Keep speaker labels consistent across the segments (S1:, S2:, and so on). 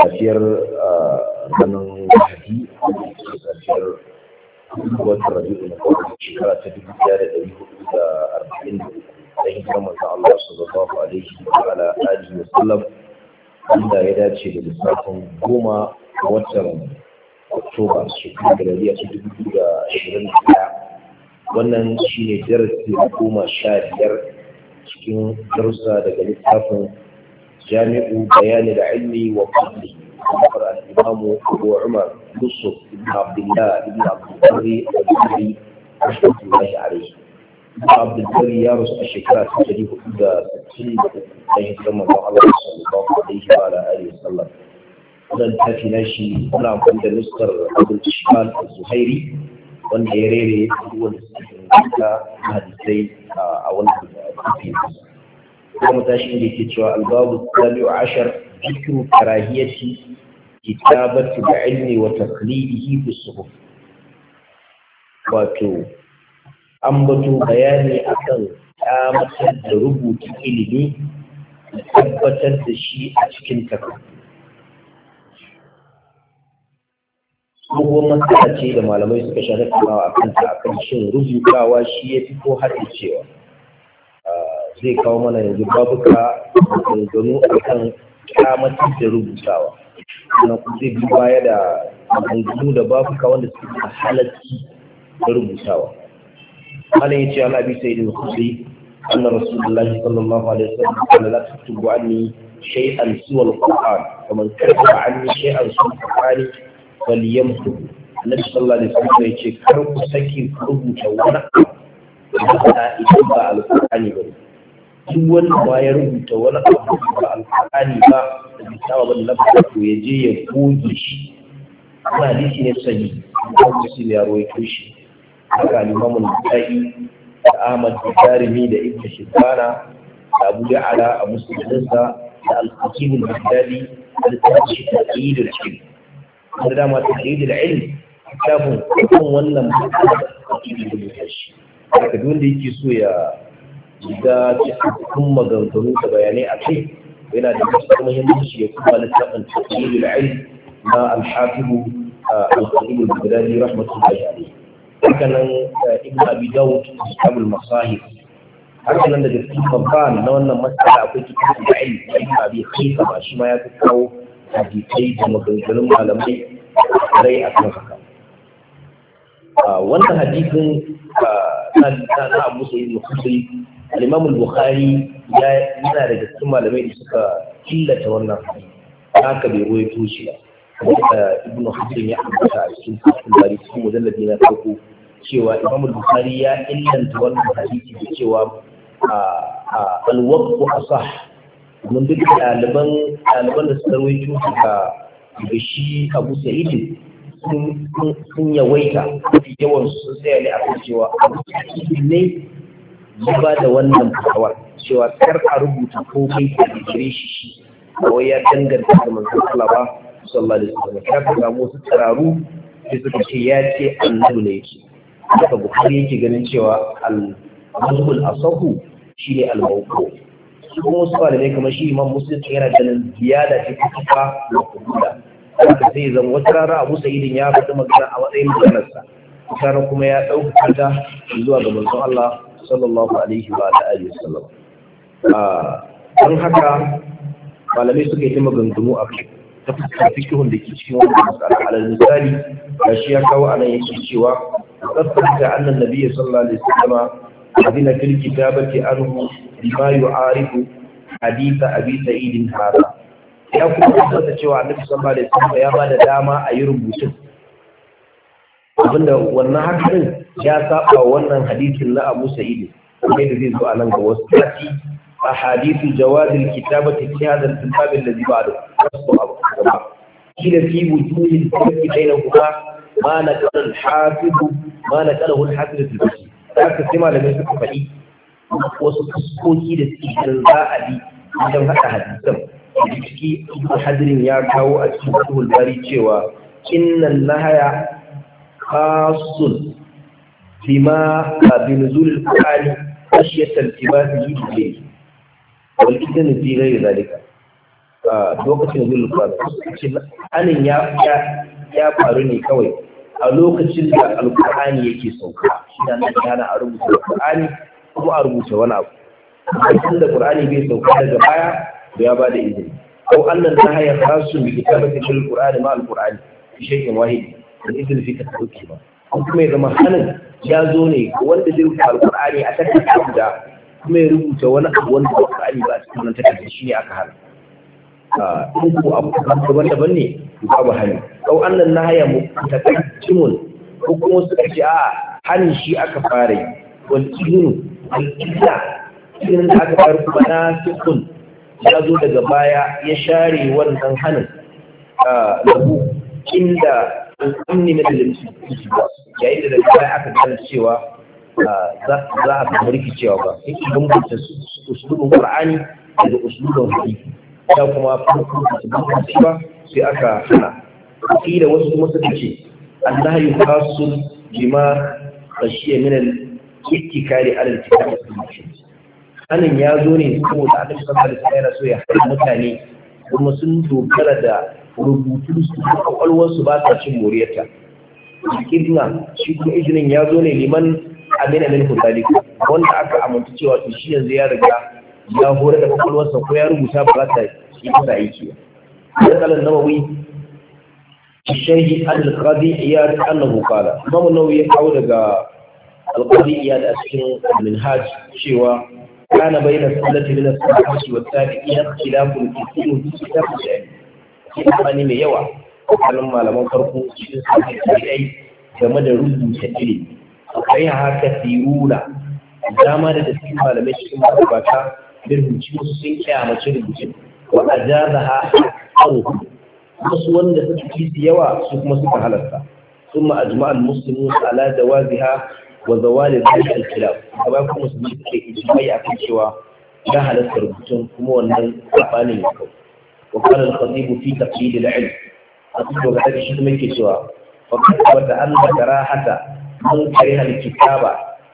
S1: tafiyar ganin ah, hadi tafiyar wata rabi'u na kawai shekara ta dubu ɗaya da ɗari hudu da arba'in da uku da hijirar manzon Allah sallallahu alaihi wa ala alihi wa sallam inda ya dace da lissafin goma watan Oktoba shekara da ɗari ta dubu da ashirin da ɗaya wannan shine darasi goma sha biyar cikin darussa daga lissafin. jami'u bayanin ilmi wa fadli ذكر الإمام أبو عمر يوسف بن عبد الله بن عبد البر والبخاري رحمة الله عليه بن عبد البر يرس الشكاة تجريه إلى ستين الله كما قال صلى الله عليه وعلى آله وسلم هذا الكافي ناشي أنا عند مستر أبو الإشكال الزهيري وأن يريري هو الاستثناء هذه الزي أو الكافي ناشي kuma tashi inda yake cewa albabu tsalu ashar zikru karahiyati kitabatu da ilmi wa taqlidihi fi suhuf wato ambato bayani akan kyamatar da rubuta ilimi da tabbatar da shi a cikin takardu dogon matsala ce da malamai suka shafi a kanta akan shin rubutawa shi ya fi ko haɗin cewa zai kawo mana yanzu babuka maganganu a kan kyamaci da rubutawa sannan kuma zai bi baya da maganganu da babuka wanda suke da halarci da rubutawa malam ya ce ana bi sai da kusi anna rasulullahi sallallahu alaihi wasallam kana la tuktubu anni shay'an suwa alquran kaman kaza anni shay'an suwa alquran falyamtu annabi sallallahu alaihi wasallam ya ce kar ku saki rubuta wani abu da ba alquran ba ne duk wanda ba ya rubuta wani abu da alƙur'ani ba da misawa wani lafiya to ya je ya goge shi wani hadisi ne sani da musu ya rawaito shi kan imamun bukai da ahmad da jarumi da ibn shibana da abu ala a musulunsa da al da al-baghdadi da ta taqyid al da dama ƙi da ilm littafin kan wannan mutum da ƙi da shi haka duk wanda yake so ya ga cikakkun maganganu da bayanai a kai yana da matuƙar muhimmanci ya kuma littafin tafsirul ilm na al-hafibu al-qadim al-baghdadi rahmatullahi alayhi haka nan ibn abi daud kitabul masahif haka nan daga cikin babban na wannan masala akwai kitabul ilm na ibn abi khaifa ba shi ma ya kawo hadisai da maganganun malamai rai a kan haka wannan hadisin na abu sa'id al al-imam bukhari ya yana daga cikin malamai da suka killata wannan hadisi haka bai ruwaito shi ba da ibn hajjin ya ambata a cikin fasul bari cikin mujalladi na farko cewa imam bukhari ya illanta wannan hadisi da cewa alwaqtu asah mun duk ɗaliban daliban da suka rawaito ka da shi abu sa'id sun yawaita yawan sun tsaya ne kan cewa abu sa'id ne
S2: ya ba da wannan fatawar
S1: cewa kar a rubuta kai da gare shi shi ko ya danganta da manzon Allah ba sallallahu alaihi wasallam ya ka samu su tsararu sai suka ce ya ce annabi ne yake haka bukhari yake ganin cewa al-mazhul asahu shine al-mawqu su kuma su malamai kamar shi imam muslim yana ganin ziyada ce ta kuka da kubuda haka sai zan wata rana abu sa'idin ya faɗi magana a matsayin maganarsa wata kuma ya ɗauka ta zuwa ga manzon Allah sallallahu alaihi wa alihi wasallam ah, don haka malamai suka yi maganganu a kai ta fuskar fikihun da ke cikin wannan matsala alal misali ga shi ya kawo anan yake cewa tsaftace annan nabiyyi sallallahu alaihi wasallam adina fil kitabati anhu bima yu'arifu hadith abi sa'id hada ya kuma tsaftace cewa annabi sallallahu alaihi wasallam ya bada dama a yi rubutun abinda wannan hakanin ya saba wannan hadisin na Abu Sa'id kai da zai zo a nan ga wasu tafi a hadisu jawazil kitabati fi hadha al-kitab alladhi ba'da wasu abu gaba kila fi wujuhi al-farqi bainahuma ma naqala al-hafiz ma naqalahu al-hafiz al-basri haka sai malamai suka faɗi wasu fuskoki da suke ganin za a bi wajen haɗa hadisan ciki ibn hadirin ya kawo a cikin fatul bari cewa innan nahaya khasun بما بنزول القرآن خشية التباسه إليه والإذن في غير ذلك lokacin nuzul Qur'an anin ya ya faru ne kawai a lokacin da alqur'ani yake sauka shi nan yana a rubuta alqur'ani kuma a rubuta wani abu lokacin da qur'ani bai sauka daga baya to ya bada izini ko Allah ta haya kasu bi kitabati alqur'ani ma alqur'ani shi shay'in wahid da izini fi ka dauke ba kuma ya zama ya zo ne wanda zai rubuta alkur'ani a takardar guda kuma ya rubuta wani abu wanda alkur'ani ba a cikin wannan shi ne aka hana ah, in ku abu daban-daban ne hannu. hani kau annan na haya mutakacimun ko kuma suka ce a hani shi aka fara yi walƙinu alƙila cikin da aka fara kuma na sukun ya zo daga baya ya share wannan hanin ah, labu inda ne na dalilci yayin da daga aka gane cewa ah, za a samu rikicewa ba sai ki bambanta usulun qur'ani da usulun hadisi da kuma farko da su bambanta ba sai aka hana kila wasu kuma suka ce Allah ya fasu bima khashiya min al-ittikali ala al-kitab anan ya zo ne saboda Allah subhanahu wa ta'ala so ya hana mutane kuma sun dogara da rubutu su da kwakwalwarsu ba ta cin moriyarta jikin nan shi kuma izinin ya zo ne liman amina min hudali wanda aka amintu cewa to shi yanzu ya riga ya hore da kwakwalwarsa ko ya rubuta ba za ta kuma aiki ba da kalan nawawi shehi al-qadi iyad annahu qala imam nawawi ya kawo daga al-qadi iyad a cikin minhaj cewa kana bayyana sallati min as-salati wa tabi'iyyah khilafun fi kulli kitab shay'in ke amfani mai yawa tsakanin malaman farko cikin sabbin tabi'ai game da rubuta ilimi akwai haka siruna dama da da cikin malamai cikin mabata da rubuci wasu sun kyamaci rubucin wa ajaza ha aruhu wasu wanda suka ci su yawa su kuma suka halarta sun ma'ajima al-muslimu ala jawaziha wa zawali zai al-khilaf gaba kuma musulmi suke ijimai akan cewa ya halarta rubutun kuma wannan sabanin ya kawo وقال الخطيب في تقليد العلم خطيب وقال شيء من كسوى فقد ثبت أن كراهة من كره الكتابة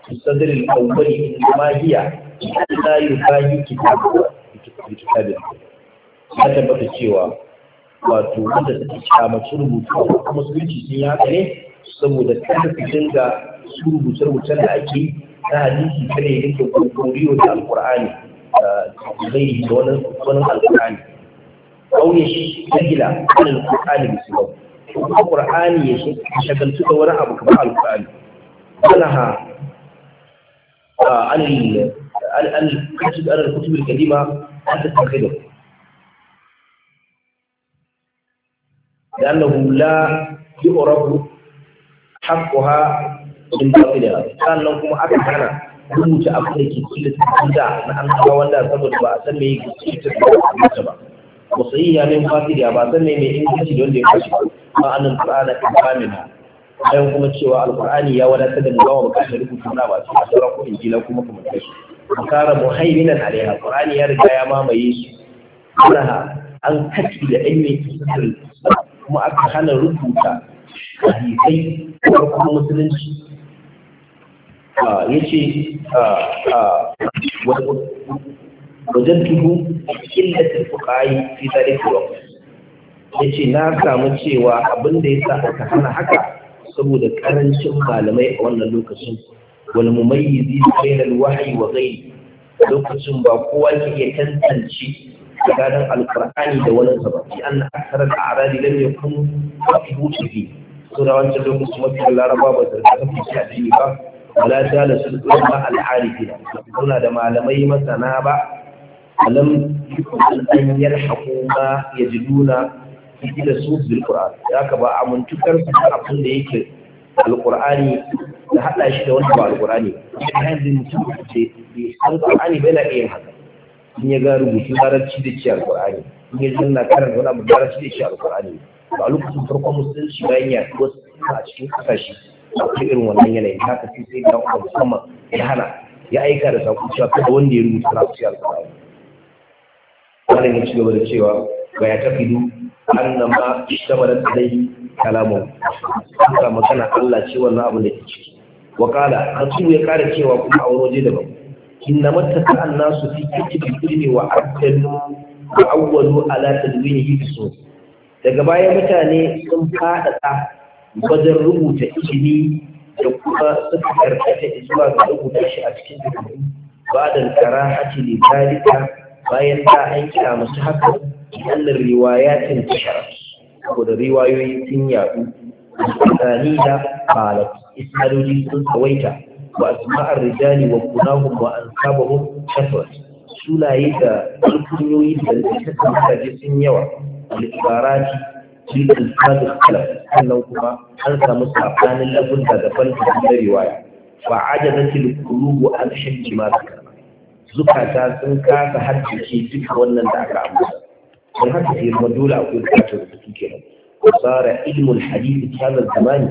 S1: في الصدر الأول إنما هي لا يباهي كتابه بكتاب ya tabbata cewa wato wanda suke kyamaci rubutu kuma musulunci sun yi ne saboda kada su dinga su rubuta rubucen da ake na hadisi kada ya dinga riyo da alkur'ani zai da wani alkur'ani أو يشغل عن القرآن بسبب القرآن يشغل تدور أبو كبع القرآن ولها آه، عن الكتب عن الكتب القديمة أن تتخذه لأنه لا يعرف حقها من باطلها sannan kuma aka hana rubuta abin da ke cikin da na an kawo wanda saboda ba a san me yake cikin da ba musayiya ne fati da ba sanne mai inganci don da ya kashe ma annan qur'ana famina bayan kuma cewa alqur'ani ya wadatar da mu ba mu kashe rubutu na ba a sauran ko injila kuma kuma kashe makara muhaimina alaiha qur'ani ya riga ya mamaye shi kana an kashi da ɗan mai kisar kuma aka hana rubuta hadisai da kuma musulunci ya ce wajadtuhu illat al-fuqahi fi dhalika yace na samu cewa abin da yasa aka hana haka saboda karancin malamai a wannan lokacin wal mumayyizi bayna al-wahyi wa ghayri lokacin ba kowa ke iya tantance tsakanin alkur'ani da wani sababbi an aksarar a'radi lam yakun fahimu fi sura wancan lokacin mafi laraba ba ta kafa shi a ba wala jalasul ulama al-arifina suna da malamai masana ba alam an yarhamu ma yajiduna ila su bil qur'an haka ba amuntukar su abin da yake alqur'ani da hada shi da wani ba alqur'ani kan din mutum ce alqur'ani bai na iya haka in ya ga rubutu larabci da ci alqur'ani in ya zanna karan wani abu larabci da ci alqur'ani a lokacin farkon musulunci bayan ya wasu a cikin kasashe a irin wannan yanayin haka sai sai ga musamman ya hana ya aika da sakuciya kada wanda ya rubuta al alqur'ani malam ya ci gaba da cewa ba ya tafi du annama da dai kalamu ka magana Allah ce wannan abu da ke ciki wa kala ya kara cewa kuma a waje daban innama tata'an annasu fi kitabil ilmi wa aqdalu wa awwalu ala tadwinihi bisu daga baya mutane sun fadada wajen rubuta ilimi da kuma suka karkata zuwa ga rubuta shi a cikin rubutu ba da karahati ne tarika bayan ta an masu haka annar riwayatin tashar da riwayoyi sun yadu tsakani da malat isnadoji sun tsawaita wa asma'ar rijali wa an wa ansabahum kasrat sulaye da kunyoyi da littattafan mutane sun yawa al-ibarati fi al sannan kuma an samu sabanin lafun da daban da riwaya fa da qulubu an shafi ma zukata sun kasa haddace duka wannan da aka amsa. don haka sai kuma dole akwai bukatar rubutu kenan وصار علم ilimin hadisi, هذا zamani,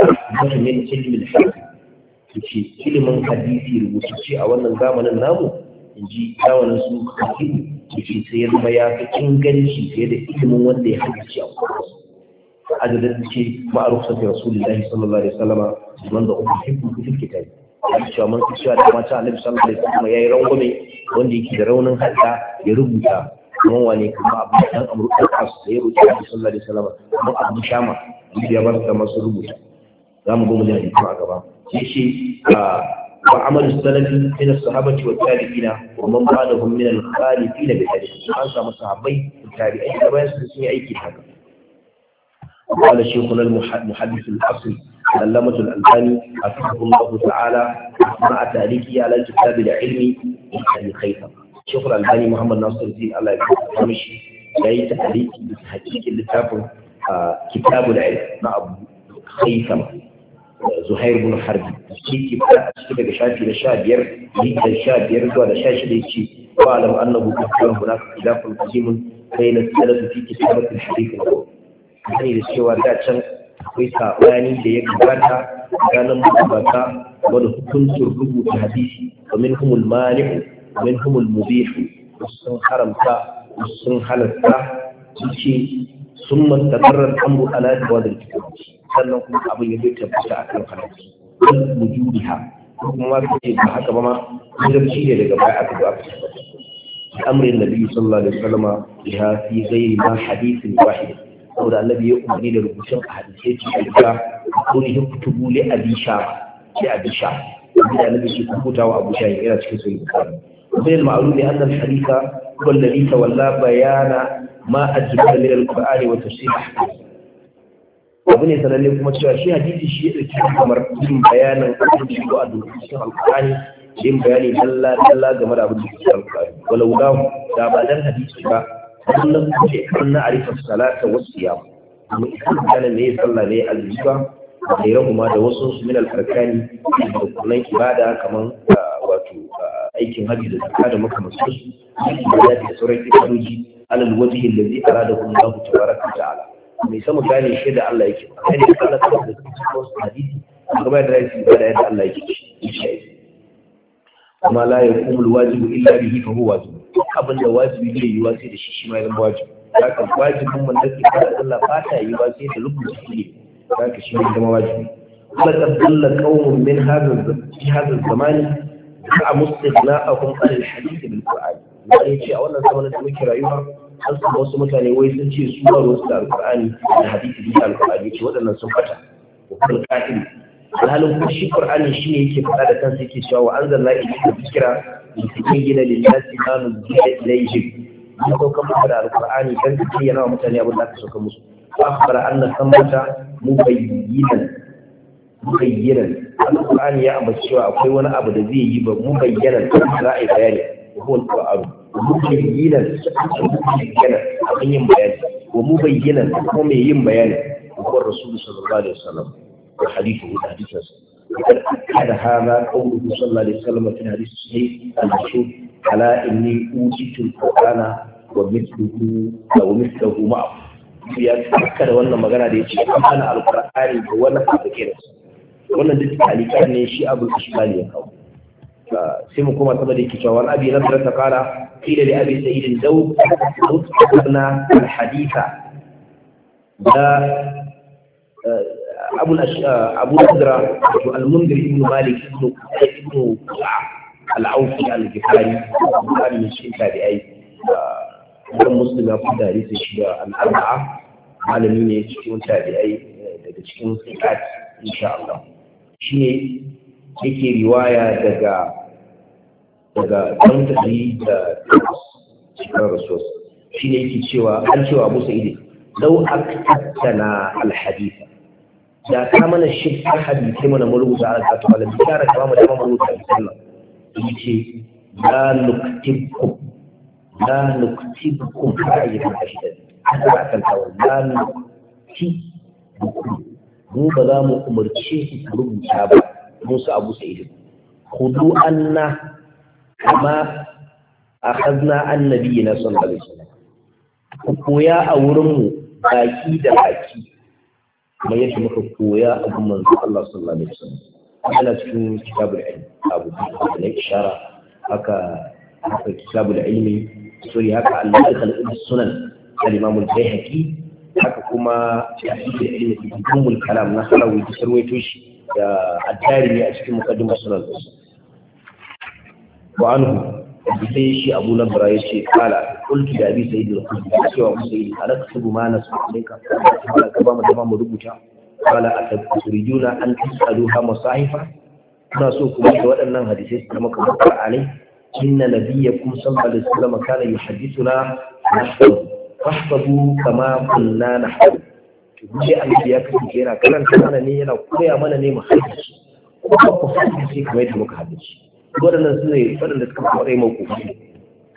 S1: أكبر من علم الحديث yace ilimin hadisi rubutacce a wannan zamanin namu in ji zamanin su hakimu yace sai ya zama ya fi inganci fiye da ilimin wanda ya hadisi a kowace adadin ce ma'arufsa ta rasulullahi sallallahu alaihi wasallama man da uku hikmu fil kitabi da cewa mun fi cewa da mata annabi sallallahu alaihi wasallam yayi rangwame wanda yake da raunin hadda ya rubuta kuma wane kuma abu dan amru da kasu da ya rubuta annabi sallallahu alaihi wasallam kuma abu shama ya bar da masu rubuta za mu goma da hadisi a gaba shi shi wa amalu salafi min as-sahabati wa tabi'ina wa man ba'dahum min al-khalifin bi hadisi an samu sahabbai tabi'ai da bayan su sun yi aiki haka قال شيخنا المحدث الأصلي علامة الألباني حفظه الله تعالى مع تاريخه على الكتاب العلمي يعني خيثم شيخ الألباني محمد ناصر الدين الله يرحمه جاي تاريخ تحقيق الكتاب كتاب العلم مع أبو زهير بن حرب shi ke fara a ciki daga shafi na sha biyar da sha biyar zuwa da sha shida ya ce wa alam annahu kullun hunaka khilafun qadimun bayna da cewa da can akwai saɓani da ya gabata ganin mabata wani hukuncin rubuta hadisi domin humul mani'u domin humul mubihu sun haramta sun halatta su ce sun mantakarar tambu ala da wadda kitabi sannan kuma abin ya zai tabbata a kan halarci don mujubiha kuma ma ce ba haka ba ma zarci ne daga baya aka zo aka tabbata amrin nabi sallallahu alaihi wasallama ya fi zai ma hadisin wahid saboda annabi ya umarni da rubutun a hadisai ce ga kunihim kutubu li abi sha li abi sha da annabi shi kubuta wa abu sha yana cikin sahih bukhari ومن المعلوم أن الحديث هو الذي تولى بيان ما أجمل من القرآن وتفسير أحكامه abu ne sananne kuma cewa shi hadisi shi ya ɗauki kamar yin bayanan abin ko a cikin alƙur'ani yin bayani dalla dalla game da abin da ke cikin walau da ba dan hadisi ba kullum ce kan na arifa salata wasu ya mu idan kana ne sallah ne aljiba da gairan ma da wasu su min alfarkani da kullun ibada kamar wato aikin haji da zakka da makamansu ibada da sauran ibadoji alal wajhi allazi aradahu Allah tabaraka wa ta'ala mai sama gane shi da Allah yake kai ne Allah ta da cikin hadisi kuma da rafi da yadda Allah yake shi kuma la yaqumul wajibu illa bihi fa huwa wajib duk abin da wajibi zai yi wasu da shi shi ma zama wajibi za ka wajibin mun da ke kada Allah ba ta yi wasu da lubun su ne za ka shi ma zama wajibi kuma tabdalla qaumun min hadha fi hadha zamani ka mustighna'ahum an al-hadith bil qurani wani ce a wannan zamanin da muke rayuwa an samu wasu mutane wai sun ce su ba ruwan su da alqur'ani da hadisi da alqur'ani ce waɗannan sun fata wa kullu alhalin kuma shi qur'ani shi ne yake faɗa da kansa yake cewa wa anzalna ilayka dhikra litubayyana gina nasi ma nuzila ilayhim mun saukar musu da alqur'ani dan ka bayyana wa mutane abin da aka sauka musu wa akhbara anna sammata mubayyinan mubayyinan alqur'ani ya ambaci cewa akwai wani abu da zai yi ba mubayyanan za bayani wa huwa alqur'anu mubayyinan mubayyinan abin yin bayani wa mubayyinan kuma mai yin bayani wa huwa وحديثه حديث وقد أكد هذا قوله صلى الله عليه وسلم في الحديث الصحيح المشهور على إني أوتيت القرآن ومثله ومثله معه ya takkar wannan magana da ya ce an hana alkur'ani da wannan abu ke da wannan duk talika ne shi a ishmali ya kawo sai mu koma saboda yake na ta kara kila da abi sa'id na da abu uh, abu nadra to al-mundir ibn malik ibn ibn al-aufi al-ghifari bukhari ne shi tabi'ai dan muslim ya fada hadisi shi da al-arba'a malami ne cikin tabi'ai uh, daga cikin sikat insha Allah shi ne yake riwaya daga daga dan tabi'i da cikin rasul shi ne yake cewa an cewa musa Sa'id law aka tattana alhadisa. da ka mana shi har hadisi mana marubuta a ka tuwa da bishara kama mu dama marubuta a sallah in ce la nuktibkum la nuktibkum ka ayyukan kashi da haka a kan tawo la nuktibkum mu ba za mu umarce ku ku rubuta ba musu abu sa'idin khudu anna kama akhadna annabiyina sallallahu alaihi wasallam ku koya a wurinmu baki da baki kuma yadda muka koya a gun manzo Allah sallallahu alaihi wasallam ana cikin kitabul ilmi abu da ishara haka haka kitabul ilmi sori haka Allah al-madkhal sunan al-imam al-bayhaqi haka kuma kitabul ilmi kitabul kalam na halawi da sarwaito shi da addari a cikin muqaddimah sunan wa anhu sai shi abu nabra yace kala kulki da abi sayyid al-khudri cewa musayyid alaktubu ma nasu alayka ka ba mu dama mu rubuta qala ataturijuna an tasaluha masahifa kuna so kuma da waɗannan hadisai su zama kamar alai inna nabiyyakum sallallahu alaihi wasallam kana yuhaddithuna nahwu fahfazu kama kunna nahwu to sai annabi ya kasance yana karanta mana ne yana koya mana ne mu hadisi ko ku hadisi kamar yadda muka hadisi waɗannan su ne waɗanda suka fara yi mai kofi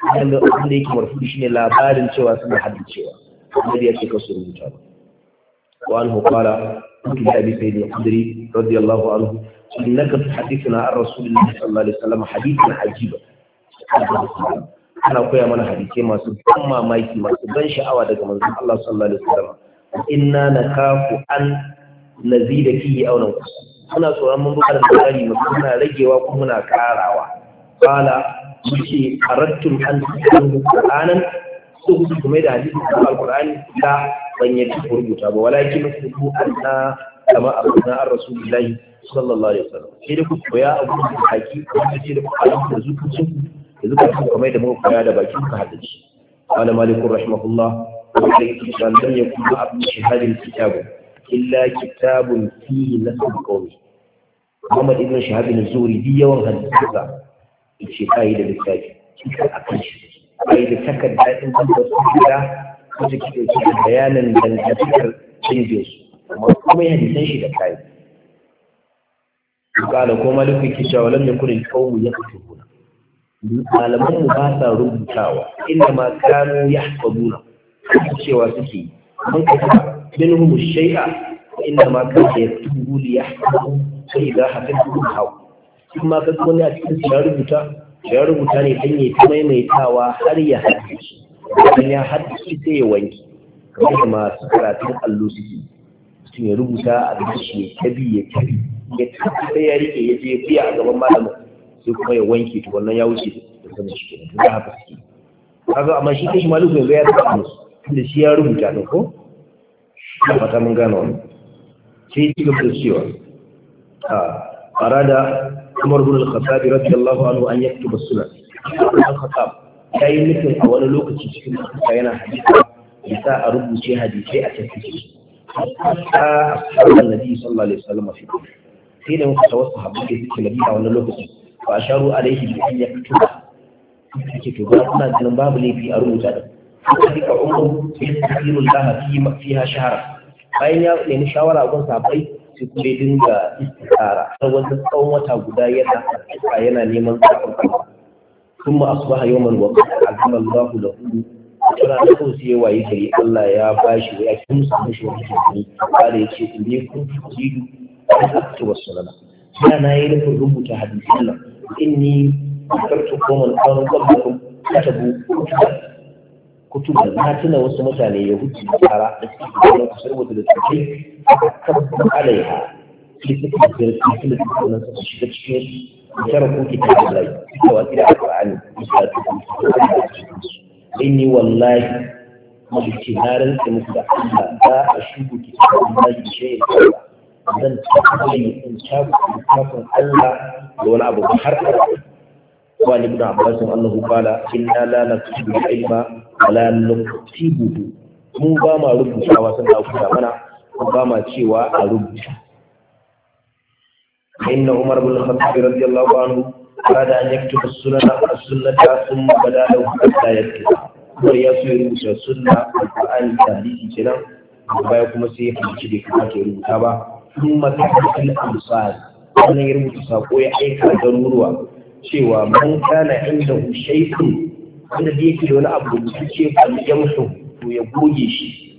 S1: wanda wanda yake shi ne labarin cewa suna haddacewa annabi yake kasu rubuta ba wa anhu qala kuntu abi sayyid al-khudri radiyallahu anhu innaka tuhaddithuna an rasulillahi sallallahu alaihi wasallam na ajiba ana koya mana hadisai masu ban mamaki masu ban sha'awa daga manzon Allah sallallahu alaihi wasallam inna nakafu an nazida fihi aw nanqus muna tsoron mun buƙatar tsari mu suna ragewa ko muna karawa qala yake arattum an tsaru qur'anan su kuma da hadisi al alqur'ani da ban yi rubuta ba walakin ku anna kama abuna ar-rasulullahi sallallahu alaihi wasallam sai da ku koya abu da haki ko sai da ku alim da zukuncin da zukuncin kuma da muka koya da bakin ka hada shi qala malikur rahimahullah wa alayhi salam lam yakun abu shahadin kitabu. illa kitabun fihi nasab qawmi Muhammad ibn Shahab al-Zuhri bi yawan hadisa ya ce ba yi da littafi a kan shi ba yi da takarda in an da su gida wata ke ɗauki da bayanan dangantakar danginsu amma kuma ya hadisan shi da kayan kala ko malikin kisha wa lamme kurin kawo ya fito guna malaman mu ba sa rubutawa inda ma kano ya haɓa hafa guna cewa suke yi. man kasa minhum shay'a inda ma kasa ya tubu li yahfazu fa idha hafizu hau kuma ka wani a cikin ya rubuta ya rubuta ne dan ya maimaitawa har ya haddace dan ya haddace sai ya wanki kamar da masu karatun allo suke su ya rubuta a rubuce ya tabi ya tabi ya tabi sai ya rike ya je biya a gaban malamin sai kuma ya wanke to wannan ya wuce da kuma shi kenan da haka suke kaga amma shi shi malu bai ya tsaka musu tunda shi ya rubuta ne ko ya fata mun gano wani sai ci gaba da cewa a ah, arada Umar bin Al-Khattab radiyallahu anhu an yaktuba sunan Al-Khattab yayi mutum a wani lokaci cikin kuka yana hadisi ya sa a rubuce hadisai a tafi a sabon nabi sallallahu alaihi wasallam fi sai da muka wasu habbu da suke nabi a wani lokaci fa asharu alaihi bi an yaktuba yake to ba kuna ganin babu laifi a rubuta da ka ummu bi tahirul laha fi ma fiha shahara bayan ya nemi shawara a gun sahabbai sai kuma ya dinga istikara har wani tsawon wata guda yana addu'a yana neman tsakon kuma sun ma asbaha yawman wa qad azama Allahu lahu tana da ko yawa waye gari Allah ya ba shi ya kimsa mishi wani kiri kare yace inni kuntu jidu aktu wassalama sai na yi nufin rubuta hadisin nan inni kartu qawman qawlan qablakum katabu kutuba na tuna wasu mutane yahudi da tsara da suke da rubuta da tsaki عليها في سكة في سكة من سكة شكل وتركوا كتاب ta وأكل عن إني والله مجتهارا كمثل الله لا أشوف كتاب الله بشيء dan tsakai in shafi kafin Allah da wani abu har wa ibn Abbas Allahu qala inna la naktubu ilma wa la naktubu ba ma rubutawa sun da kuma mana ba cewa a rubuta inna umar bin khattab radiyallahu anhu arada an yaktuba sunana as-sunnata sun bada da ya yaktuba kuma ya so ya rubuta sunna al-qur'ani tarihi kenan baya kuma sai ya fahimci bai kamata ya rubuta ba thumma tafasil amsal wannan ya rubuta sako ya aika garuruwa cewa man kana inda shay'un wanda da yake da wani abu da yake kalli to ya goge shi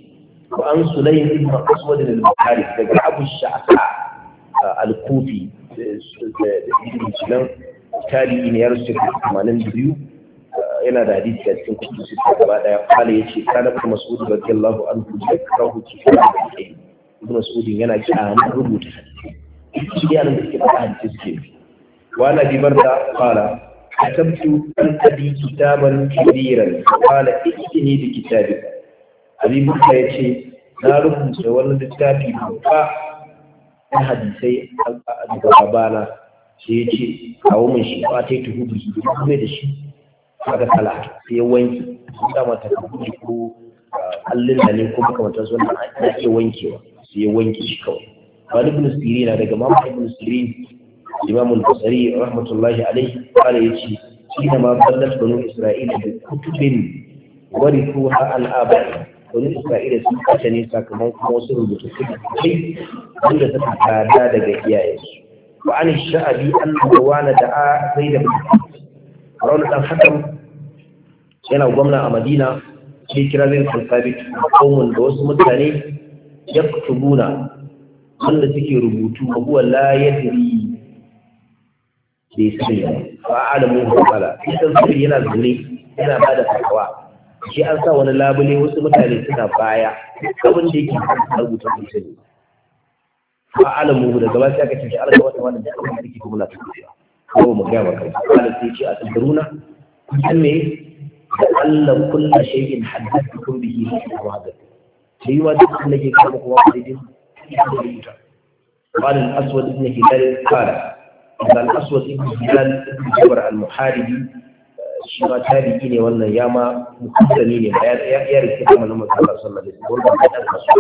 S1: وعن سليم بن أسود البخاري أبو الشعثاء الكوفي تالي إن يرسل ثمانين بيو yana da hadisi a cikin kudu sita gaba daya kala ya ce kana ibn mas'ud radiyallahu anhu ya karahu ci ibn mas'ud yana kiyama rubuta hadisi shi yana da cikin hadisi suke bi wa na bi barda kala katabtu an abi kitaban kabiran kala ikini bi kitabika abi musa ya ce na rubuta wani littafi babba na hadisai a bana. sai ya ce kawo min shi ba ta yi tuhu da shi kuma da shi aka kala sai wanki sun dama ta kuɗi ko allin da ne ko makamantar su na iya wankewa sai ya wanke shi kawai wani ibn na daga mamu ibn sirri imam al-basri rahmatullahi alaihi kala ya ce shi na ma ballat banu isra'ila da kutubin warithuha al-abai wani isra'ila sun kace ne sakamakon wasu rubutu kai wanda suka gada daga iyaye. wa an sha'abi an dawana da'a sai da Harun dan hakan yana gwamna a Madina sai kira zai sabit kawun da wasu mutane yaktubuna wanda suke rubutu abuwa huwa la yadri bai sani ba alamu hukala idan sai yana zuri yana bada fatawa shi an sa wani labule wasu mutane suna baya abin da yake a rubuta rubuta ne A alamu da gaba sai aka ce shi alaƙa wata wanda da aka yi kuma na tafiya ko mu gaya maka Allah sai ce a tsaruna kun san me da Allah kullu shay'in haddathukum bihi wa hadath sai wa duk da ke kuma kuma da din قال الأسود ابن هلال قال قال الأسود ابن هلال ابن al-muharibi. shi ma tabi'i ne wannan ya ma mukaddami ne ya rike da manzon Allah sallallahu alaihi wasallam wanda ya kasu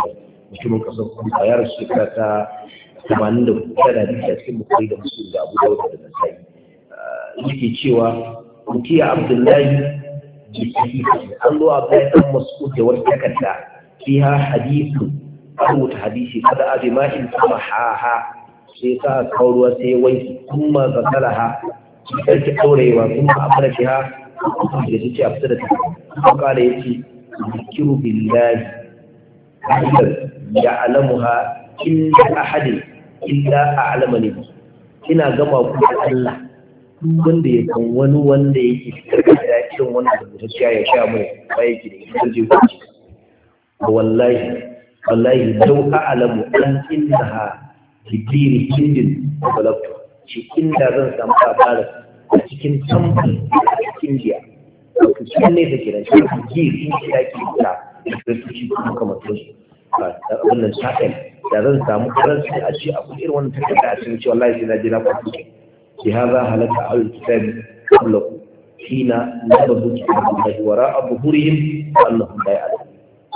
S1: mutumin kasar kuma ya rasu shekara ta 84 da da cikin bukhari da muslim da abu dawud da nasai ah, yake cewa mutiya abdullahi jiki an zo abdullahi dan mas'ud da wata takarda fiha hadithu abu ta hadisi kada abi ma in samaha sai ka kawo ruwa sai wanki kuma zakalaha ki sarki aurewa kuma a fara shi ha kuma da shi ce a fita da ta kuma ya ce zikiru billahi ahadar ya alamu ha a ahadin illa a alama ne ina gama ku da Allah wanda ya kan wani wanda ke fitar da irin wannan da ya sha mai baya ke da ita je ku ci wallahi wallahi a a'lamu an innaha kibiri da balabtu ce inda zan samu labarin a cikin tambar a cikin biya wato cikin ne da kiran shi a giri shi da ke da kristoci kuma kamar su a wannan sha'in da zan samu sai a ce a irin wani takarda a cikin cewa wallahi sai na je na kwafi ki za halatta a wani kitabi kabla ku hina na babu kitabu da hiwara a Allah annahum la ya'lamun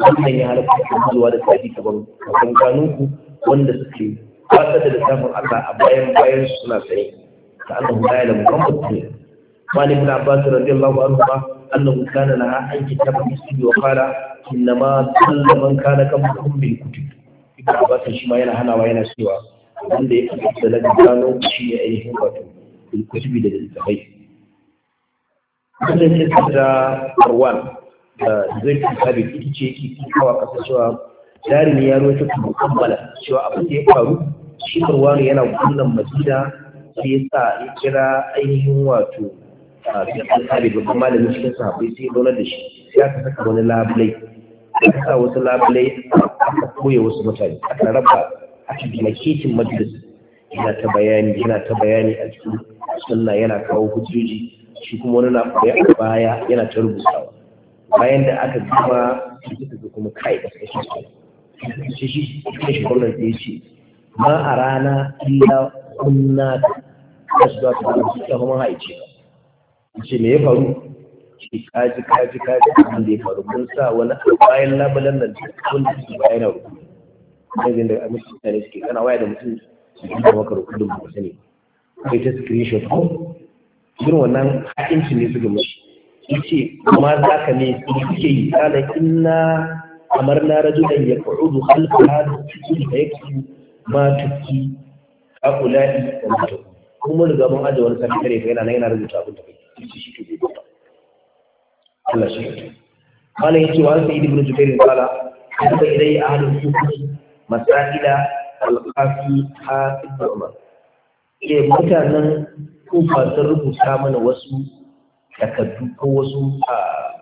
S1: wannan ya halatta zuwa da tafi kaban kanun kanunku wanda suke ba da littafin Allah a bayan bayan suna tsaye ta Allah ya da mukan mutum wani ibn Abbas radiyallahu anhu ba annahu kana laha an kitaba misli wa qala ma kullu man kana qablukum bil kutub ibn Abbas shi ma yana hanawa yana cewa wanda ya fi da gano shi ne ainihin wato bil kutub da littafai wannan ne da Marwan da zai kabe ita ce yake kawa kasa cewa jarumi ya ruwaito kuma kammala cewa abin da ya faru shi marwanu yana kunnan madina sai ya sa ya kira ainihin wato a cikin tsari babban malamin cikin sahabbai sai ya zauna da shi ya ka saka wani labulai aka sa wasu labulai aka koya wasu mutane aka raba aka gina kicin majalis yana ta bayani yana ta bayani a cikin sunna yana kawo hujjoji shi kuma wani na koya a baya yana ta rubutawa bayan da aka gama shi suka kuma kai da shi shi shi gwamnati ya ce ma a rana illa kunna ta shiga ta da suke kuma haice ce me ya faru ce kaji kaji kaji abin da ya faru mun sa wani bayan labalan nan kun da su bayan rubu Kuma zai da amince ne suke kana waya da mutum su yi da maka rubu da ba sani kai ta screenshot ko irin wannan hakincin ne suka mashi ce kuma za ka ne suke yi kala inna amarna rajulan da khalfa da yake ma tuki haƙula'i da mutu kuma riga mun ajiye wani sami kare yana na yana rubuta abin da kai shi shi ke bai Allah shi ne mana yake wa sai ibnu jubair qala kada ilai ahlul fiqh masaila al-qafi ha umar ke mutanen kufa sun rubuta mana wasu takaddu ko wasu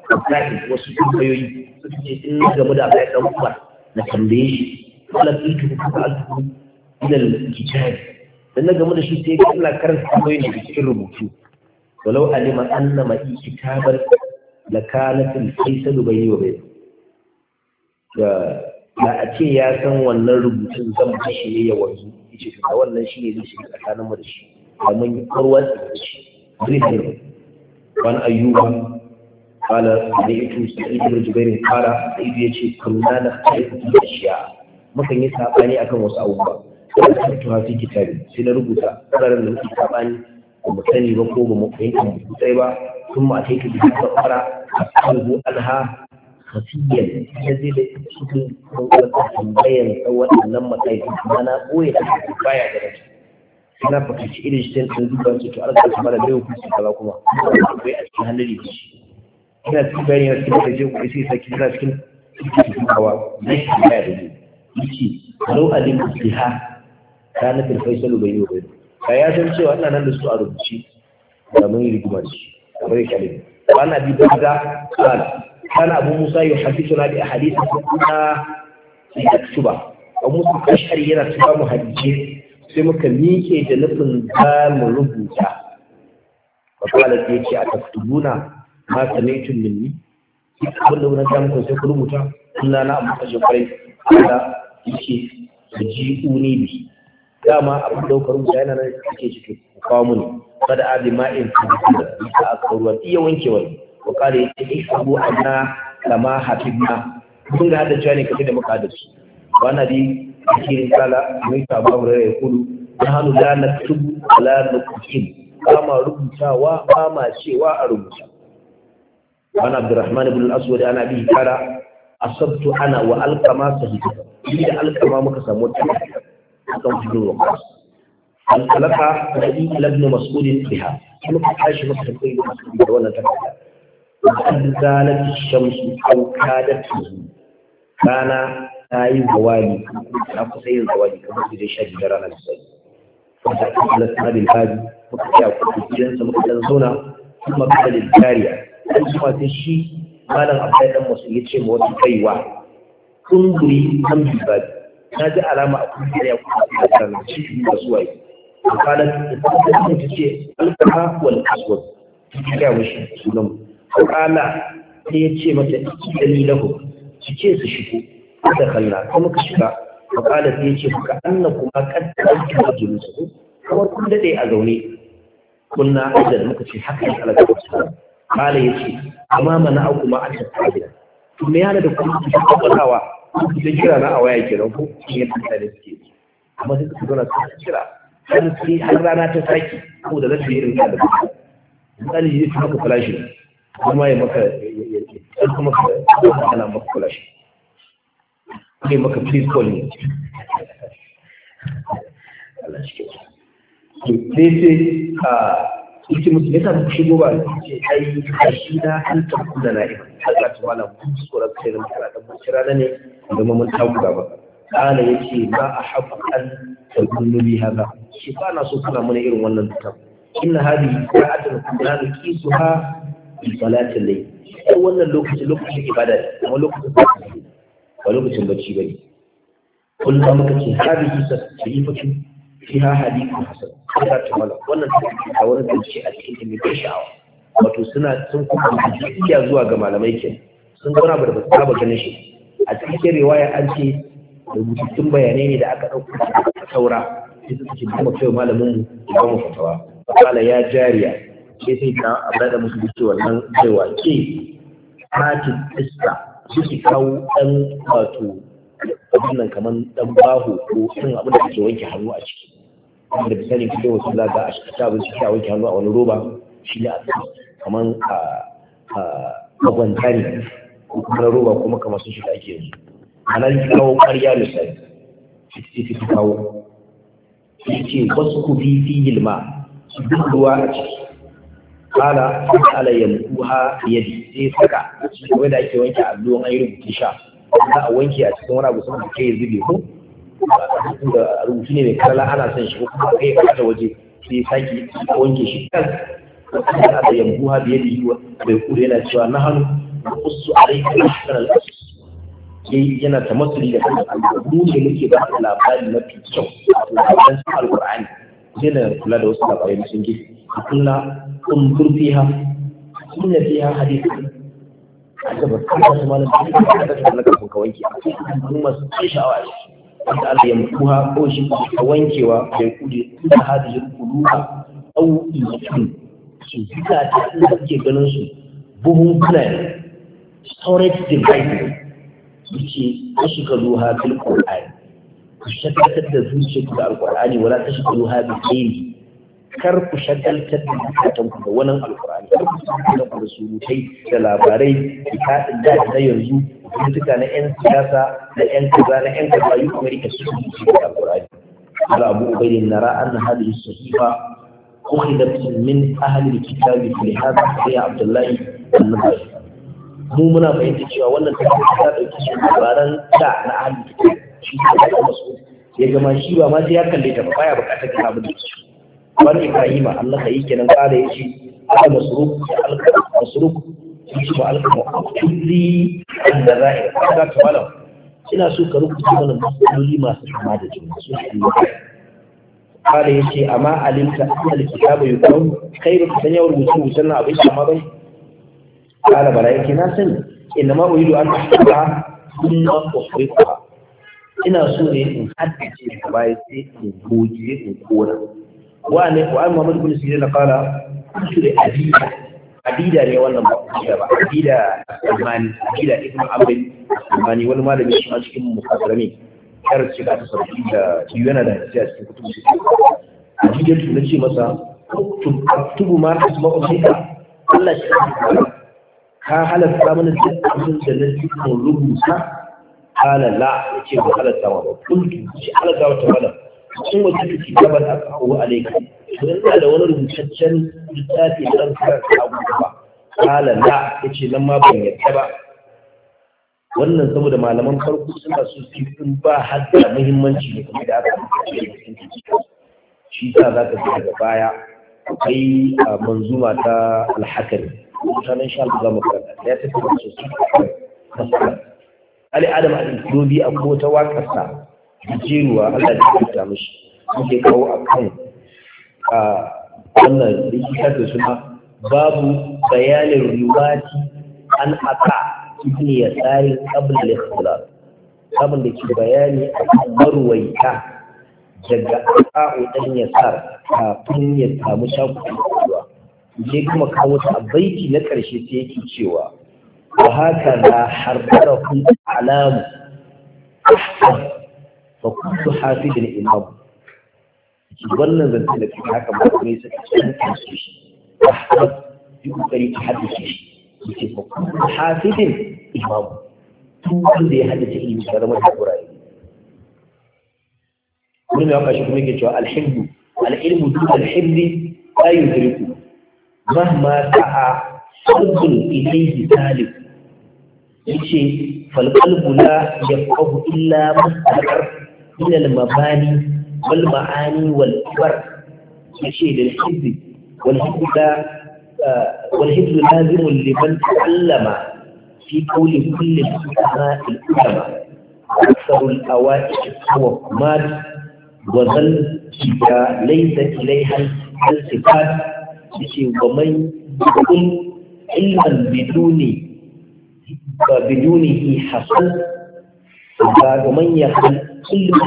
S1: kafi wasu tambayoyi suke in eh, game da abai dan umar na tambaye shi wala fitu ka alfu ilal kitab dan na game da shi sai Allah karanta mai ne cikin rubutu walau alima anna ma kitabar la kanat al faisal bayni wa bayni da da a ya san wannan rubutun zan bashi ne ya wanzu yace to wannan shine zai shiga tsakanin mu da shi da mun yi karwa da shi zai ne wan ayyuba قال سمعت سعيد بن جبير قال سعيد يجي كنا نختلف في الاشياء ممكن يسحب علي اكن wasu abubuwa rubuta fi kitabi sai na rubuta tsarin da muke sabani ba mu sani ba ko ba mu fahimta mu sosai ba sun ma kai ka bisa fara a kalbu alha khafiyyan ya zai da cikin kwanwata tambayan nan matsayi kuma na ɓoye da su baya da rasu na fakaci irin shi tantan zuba ce to alƙa su mara bai hukunci kaza kuma akwai a cikin hannun shi. ina cikin bayani na cikin da je ku sai saki ina cikin cikin hawa na shi baya da ne yake kalau alim ha? kana fil bai yi wa ka ya san cewa ina nan da su a rubuci da mun yi rigima da shi kamar yake ne wa na bi daga qala kana abu musa yuhaddithuna bi ahadith kunna yaktuba abu musu kashari yana tuba mu hadisi sai muka miƙe da nufin za mu rubuta wakalar da yake a taktubuna ma sanaitun minni abin da wani ta muku sai ku rubuta suna na abu kashe kwarai da yake da uni bi dama abin daukar ruwa yana nan suke suke kawo mu ne kada a bi ma'in tabbatar da a kawo ruwa iya wanke wani ko kare ya ce abu a na lama hafin na mun ga hada cewa ne kafin da muka hada su ba na bi a kiri kala a mai ta babu rai ya kudu na hannu da na tubu ala na kujin ba ma rubutawa ba ma cewa a rubuta wani abdurrahman ibn al-aswad ana bi kara A sabtu ana wa alkama sahih ni da alkama muka samu ta akan hudun roƙa. Al'alaka da ɗin alabin masudin biha, ta muka tashi masa da ɗin masudin da wannan takarda. Wadda zanar da shamsu an kada tuzu, rana ta yi zawali, ta kusa yin zawali, kamar su sha biyu da ranar da sai. Wadda ta kusa zai sa bin kaji, muka ce a kusa gidansa muka ɗan zauna, sun magana da jariya, sun zuwa sai shi malam abu ɗan masu ya ce ma wasu kaiwa, kun guri an bi babi, na ji alama a kuma ya kuma a karanci da zuwa yi kalan da ta ce alkaha wal aswad ta ga mishi sunan kala ta ya ce mata ikidani lahu su ce su shigo da kalla kuma ka shiga kala sai ya ce maka annakum qad tantu majlisu kamar kun daɗe a zaune kunna ajal muka ce haka ne Allah ta kala yace amma mana akuma an a tabi me yana da kuma ku ta da kira na a waya kenan ko in ya fita da suke amma sai suka zauna suka kira har sai har rana ta saki ko da zai irin da ba misali ya ci maka flashi kuma ya maka ya kuma ka ana maka flashi ne maka please call me Allah shi ke sai sai ah, yake musu yasa ku shigo ba ce ai kashi na an tafi da na'i Allah ta wala ku tsoron kai da mutara da rana ne da mun taku gaba kana yace ba a haɓa an tabunu bi hada shi ba na so kuna mana irin wannan ta inna hadi sa'atul qur'an qisuha bi salatil layl sai wannan lokacin lokacin ibada ne kuma lokacin bacci ba lokacin bacci bane kullum muka ce hadi sa sayfatu fiha hadithu hasan ta ta mala wannan ta ce ta wani zance a cikin ilimai sha'awa wato suna sun kuma jikiya zuwa ga malamai ke sun zauna ba da ba saba ganin shi a cikin riwaya an ce rubutattun bayanai ne da aka ɗauka a saura sai suka ce kuma kai malamin mu ba mu fatawa kala ya jariya sai sai ta abada da musu cewa nan cewa ke hati tsista suke kawo ɗan wato abin nan kamar ɗan baho ko irin abin da suke wanke hannu a ciki wanda da sani fito wasu za ga a ta abin su kyawun hannu a wani roba shi da kamar magwanta ne kuma na roba kuma kamar sun shiga ake yanzu a nan kawo ƙarya misali sai su kawo shi ce wasu ku fi fi hilma su duk ruwa a ciki kala ala ha yadi sai saka shi da ake wanke a an yi rubutu sha za a wanke a cikin wani abu sun da ke zube ko da rubutu ne mai kala ana son shi kuma kai ka ta waje sai saki wanke shi kan da da yambu ha biye da wa bai kure yana cewa na hannu a alayka ashkar al-asus Sai yana ta tamassuli da Allah mu ne muke ba da labari mafi kyau dan al-Qur'ani sai da kula da wasu labarai na sun gifi kula kun um furfiha inna fiha hadithan a gaba kuma malam da na da ka wanke a cikin masu sha'awa a wanda Allah ya mutuha ko shi a wankewa da ya kude da hadin kuluba au ikin su duka ta inda kuke ganin su buhun kuna ne storage device ne yace kashi kaluha bil qur'ani ku shakatar da zuciyarku da alqur'ani wala tashkuru hadhihi kar ku shagaltar da bukatan ku da wannan alkur'ani kar ku shagaltar da surutai da labarai da kaɗin da na yanzu mutuka na yan siyasa da yan kaza na yan kaza yi kuma rike su da alkur'ani قال أبو عبيد نرى أن هذه الصحيفة أخذت من أهل الكتاب فلهذا يا عبد الله النبوي mu muna fahimta cewa wannan tafiya ta dauki shi labaran da na ahli shi ne da masu ya gama shi ba ma sai ya kalle ta ba baya bukatar ga abin da shi wani ibrahima Allah ka yi kenan kala ya ce aka masuruk masuruk shi ma alkama kulli da za'i ka ta malam ina so ka rubuta mana matsaloli masu kama da juna su shi kala ya ce amma alimta anna kai yukun Ka san yawar mutum sannan abin shi ma bai kala bara yake na sani inna ma uridu an tahta kunna ukhriqa ina so ne in haddace ba ya sai in goge in kora Wa وعن محمد بن سيرين قال قلت لأبيدة أبيدة ne wannan ba ba Abida Salman Abida ibn Amr Salmani wani malami shi a cikin mukaddami yar ce ta sarki da yana da hasiya cikin kutubu shi Abida tun ce masa tubu ma asma'u ka? Allah shi ka halatta mana duk abin da na cikin rubuta qala la ce ba halatta ba kuntu shi halatta wata malam sun wajen da ke gabar a kawo alaika to yana da wani rubutaccen littafi da zan karanta abubuwa kala na, ya ce nan ma ban yadda ba wannan saboda malaman farko suna so su sun ba hadda muhimmanci ne kuma da aka da yi shi sa za ka ji daga baya akwai ah, manzuma ta alhakari mutanen sha Allah mu karanta ya tafi da sosai Ali Adam a al-Ikhlobi a kota waƙarsa Jiruwa, Allah ya kanta mishi ke kawo a kan a wannan likitar da suna babu bayanin riwati an aka ibn yasarin qabl al-ikhtilaf abin da ke bayani a kan marwaita daga a'u dan yasar kafin ya samu shakuɗi ruwa je kuma kawo ta a baiki na ƙarshe ta yake cewa wa haka da harbara kun alamu fa kullu hafidin imam wannan zance da kuma haka malamai suka tantance shi yi kokari ta haddace shi yace fa kullu hafidin imam duk wanda ya haddace ilimi ya zama da qur'ani wani mai waka shi kuma yake cewa alhibbu al'ilmu duk alhibbi la yudriku mahma ta'a talib yace falqalbu la yafqahu illa من المباني والمعاني والكبر الشيء للحفظ والحفظ لا والحفظ لازم لمن تعلم في قول كل العلماء العلماء أكثر الأوائل هو كمال وظل ليس إليها الصفات ومن يقول علما بدون بدونه حصل ومن يقول kullum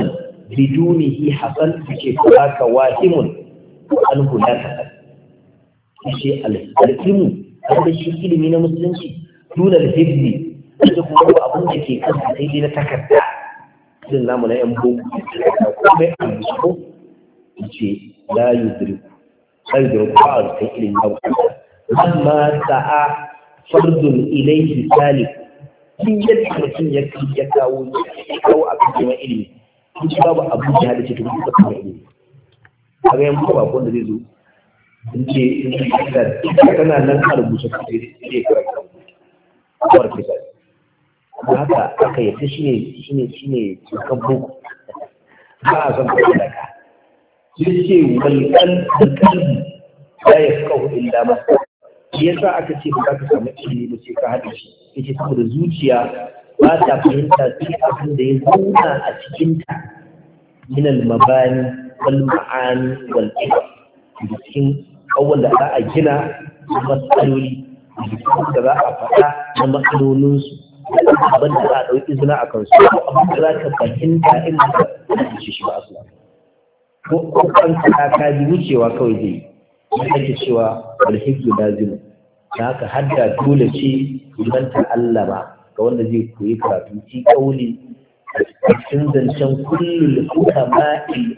S1: bidunihi hasan ce ka wahimun an hula ka ce al'ilmu wanda shi ilimi na musulunci duna da hibbi da kuma abin da ke kan sai dai na takarda irin namu na yan boko da kuma a musu ce la yudriku la yudriku ba a rufin ilimi na boko amma sa'a fardun ilaihi salik duk yadda mutum ya ya kawo ya kawo a kan neman ilimi duk babu abu da hada ce to da kuma ilimi a ga yanku ba wanda zai zo in ce in ce da kana nan a rubuce ka sai sai ka kawar kisa da haka aka yi ta ne shi ne kan boko ba a san kawai daga yace wal qalbi la yafqahu illa ba shi yasa aka ce ba ka samu ilimi ba sai ka haɗa shi ce saboda zuciya ba ta fahimta sai abin da ya zauna a cikinta min al-mabani wal ma'ani wal da cikin kawon da za a gina matsaloli da za a faɗa na matsalolinsu abin da za a ɗauki zina a kansu abin da za ka fahimta in da ka shi ba asula ko an ka ka wucewa kawai zai yi ake cewa alhibbu lazimu da haka hadda dole ce idan ta allama ga wanda zai koyi karatu ki kauli a cikin zancen kullum kuka ma'il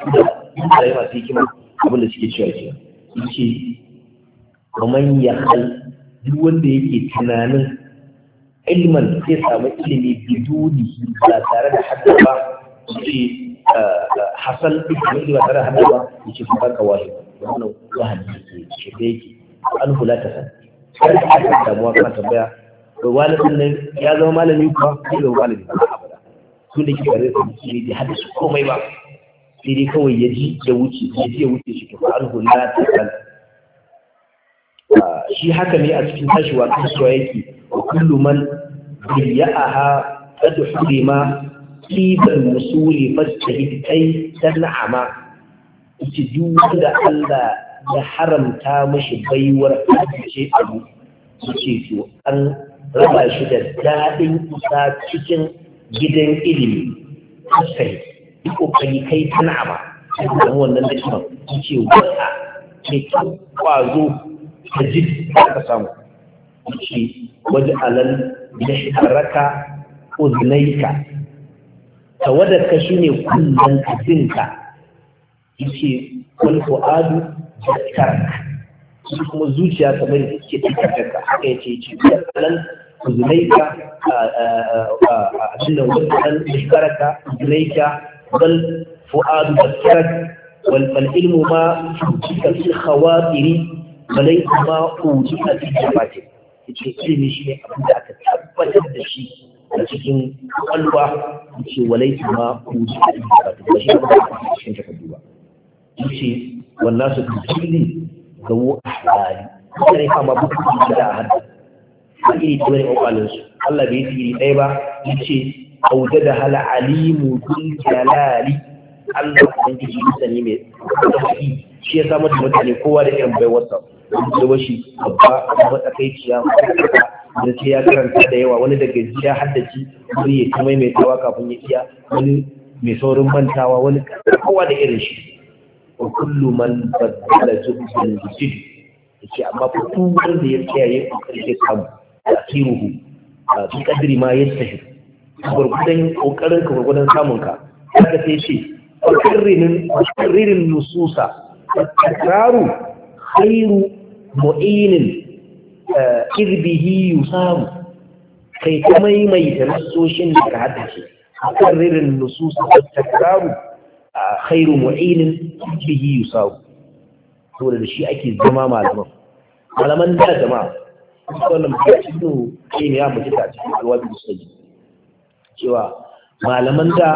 S1: da ya masu hikima abin da suke cewa ke yake kamar ya hal duk wanda yake tunanin ilman zai samu ilimi biduni ba tare da hadda ba ce ah, ah, hasan ilimi ba tare da hadda ba yake ba ka wahi wannan wahan da ke shi da yake an hula ta sani har da aka damuwa kan tambaya to walidin nan ya zama malami kuwa ko zama malami ba abada su da ke kare su ne da hada su komai ba sai dai kawai ya ji ya wuce ya ji ya wuce shi ke fa'al hulla ta kan ah, shi haka ne a cikin tashi tashiwa kan suwa yake wa kullu man biyya'aha qad hurima qibal musuli fastahid ay tan'ama ce duk da Allah da haramta mashi baiwar ajiye abu ce to an raba shi da daɗin isa cikin gidan ilimi kaskai yi ƙoƙari kai tana ba da wannan da kuma ce wata ce ta kwazo ta ji ka samu ce wani alal da haraka uzunaika tawadarka shi ne kullum ka yace wal fuadu zakkar shi kuma zuciya kamar da take tattaka haka yace yace kallan kuzulaika abinda wannan iskaraka kuzulaika bal fuadu zakkar والعلم ما أوتيك في الخواطر وليس ما أوتيك في الجبات yace ilimi shi ne abin da aka tabbatar da shi a cikin kwalwa yace walai ma kuji a cikin jabatu da shi ne da aka cikin ba yace wannan su kulli da wu ahwali kare fa ba buku da hada ba iri tare kokalin su Allah bai yi dai ba yace da hal alimu dul jalali Allah kan ji sani mai tsayi shi ya samu da mutane kowa da irin Wani da washi babba a matsakaiciya da ce ya karanta da yawa wani daga jiya haddaci wani ya kuma mai tsawa kafin ya iya wani mai saurin mantawa wani kowa da irin shi wa kullu man baddala zubban jid shi. amma fa tuwar da ya kiyaye kokarin ya samu tasiruhu bi kadri ma yastahi gurgudan kokarin ka gurgudan samun ka haka sai shi karrinin karririn nususa takraru khairu mu'inin irbihi yusamu kai ta maimaita nasoshin da ka haddace karririn nususa takraru khairu mu'inin bihi yusabu saboda da shi ake zama malaman malaman da jama'a wannan mutum shi ne ya mutu ta cikin alwabi da suka cewa malaman da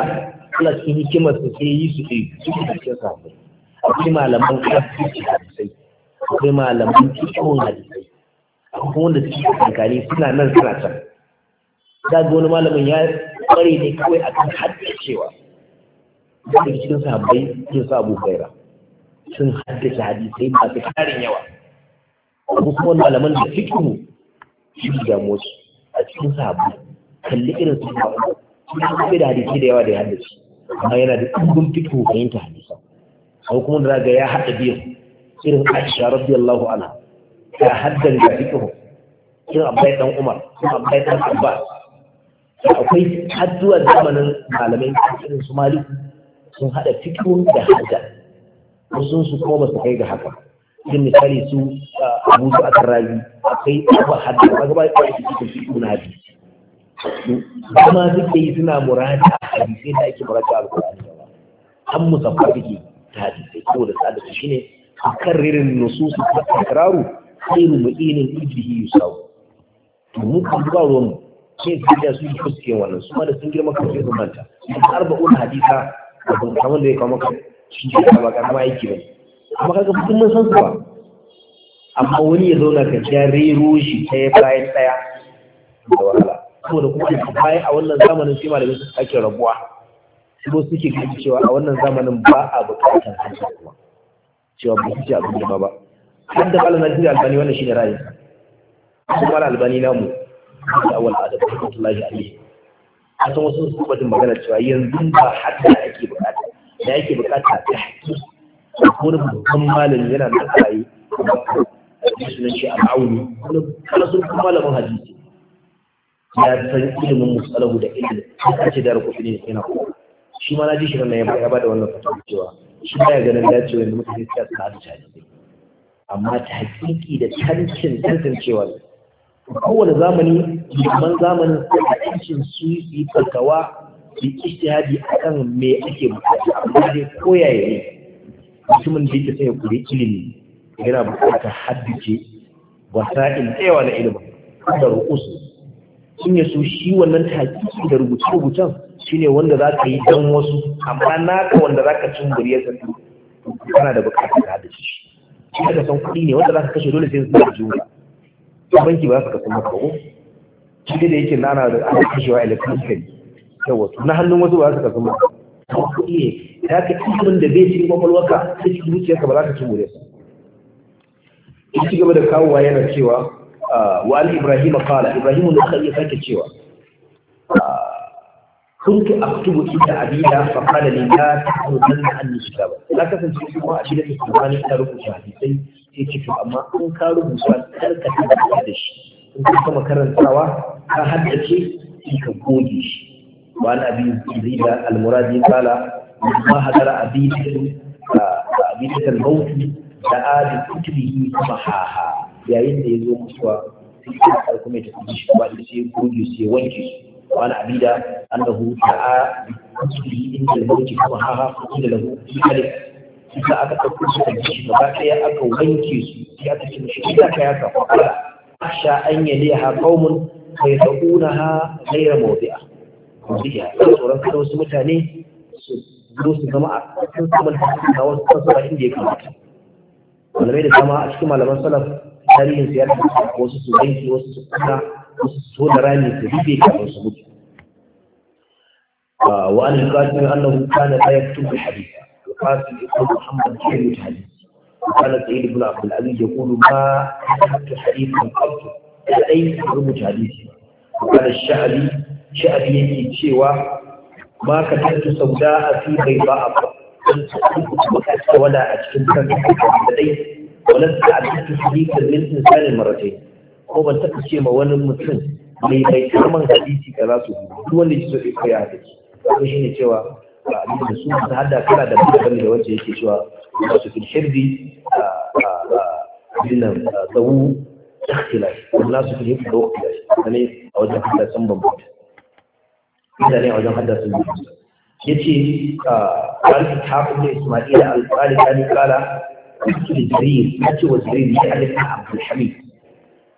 S1: suna ke hikimar su ke yi su kai su ke cikin akwai malaman kasuwanci sai akwai malaman cikin sai akwai wanda suke kankani suna nan suna can da ga wani malamin ya kware ne kawai akan haddacewa cewa da cikin sahabbai sun sa Abu Huraira sun haddace hadisai masu karin yawa ko kuma malaman da fikihu shi da motsi a cikin sahabbai kalli irin su ba sun kuma da hadisai da yawa da ya haddace amma yana da ɗumbin fikihu fahimta hadisa ko kuma da zaga ya haɗa biyu irin Aisha radiyallahu anha ya haddan da fikihu irin Abdullahi dan Umar irin Abdullahi dan Abbas akwai har zamanin malamai irin su Malik sun haɗa fikirun da hajja sun su kuma ba su kai ga haka idan misali su ah, abu su aka rayu akwai abu hajji ba gaba da su cikin su na hajji kuma suke yi suna murata a hadisai da ake murata a alkurani ba an musaffa suke ta hadisai ko da su shine a kan ririn nususu ta takraru sai rumu'inin ijihi yusawu to mu kan ba mu sai su da su yi fuske wannan su ma da sun girma kan sai su manta arba'un hadisa abin da ya kawo maka shi ke ba karama aiki ba amma kaga mutum mun san su ba amma wani ya zauna ka ja rero shi ta ɗaya bayan ɗaya da wahala saboda kuma da bayan a wannan zamanin sai malamin su ake rabuwa kuma suke gani cewa a wannan zamanin ba a bukatar kansa kuma cewa ba su ce abin da ba har da malam Najeriya Albani wannan ne ra'ayi kuma albani namu da awal adab rahmatullahi alaihi a san wasu su kuma jin magana cewa yanzu ba hadda ake bukata da ake bukata ta haƙi wani babban malami yana da tsaye da sunan shi al'auni wani kalasun kuma malamin hadisi ya san ilimin musalahu da ilimin ta ce da rukufi ne yana kuma shi ma na ji shi wannan ya ba da wannan fata cewa shi ba ya ganin dacewa yanzu mutane suka sa hadisi hadisi amma ta hakiki da tantancewa ne kowane zamani liman zamanin suka yancin su yi fatawa su yi a kan me ake bukata amma dai koyaye ne mutumin da yake ya kuri ilimi yana bukata haddace wasa'il tsayawa na ilimin da rukusu sun ya so shi wannan takiki da rubuce-rubucen shine wanda za ka yi don wasu amma naka wanda za ka cin buriyar sa kana da bukata ka haddace shi ka san kuɗi ne wanda za ka kashe dole sai su da juna banki ba su ka kuma ko shi da yake nana da ana kashewa electrically yawa na hannun wasu ba su ka zama ta kuɗi ne da ka ilimin da bai cikin kwakwalwarka ta cikin zuciyarka ba za ka ci mure su ya ci gaba da kawowa yana cewa ah, wa al ibrahim qala ibrahim ne aka iya sake cewa ah, kuntu aktubu ila abida fa qala li la tuqulna anni kitaba la kasance kuma a shi da ke ta rubuta hadisai sai ce to amma in ka rubuta kar ka tabbata da shi in ka kuma karantawa ka haddace shi ka goge shi wa an abi zida al-muradi qala ma hadara abi abi al-maut da adi kutubihi kuma haha yayin da yazo mutuwa sai kuma ta kuma shi ba da sai goge sai wanke shi وعن عبيدة أنه دعا بقصده عند الموت كما هاها فقيل له ذلك إذا أتت كل شيء فباكي أكو وينكيس يأتي مشكلة كياك فقال خشى أن يليها قوم فيدعونها غير موضعه tsoron kada wasu mutane su zo su zama a cikin saman hakika wasu kansu inda da ya kamata mai da sama a cikin malaman salaf tarihin siyar da wasu su zanki wasu su kuna wasu su da rami su rufe kafin su mutu wa an yi kasin annahu kana ta yaktu bi hadisa al-qasim ibn muhammad ke mutane. قال سعيد بن عبد العزيز يقول ما كتبت حديثا قط لدي رمج حديثي وقال الشعبي شعبي يجي شيوا ما كتبت سوداء في بيضاء ولا أجتم لدي ولست عدت حديثا من إنسان مرتين ko ban taɓa ce ma wani mutum mai bai kaman hadisi za su duk wanda ya so ya ya hadisi ko ne cewa abin da su hada kala da ne da wanda yake cewa su fil shirbi bilan tsawo ikhtilaf na su fi tsawo ikhtilaf ne a wajen haddasan bambam ina ne a wajen haddasan bambam yace al hafiz isma'il al-qali qala الجرير أتي والجرير يعرف عبد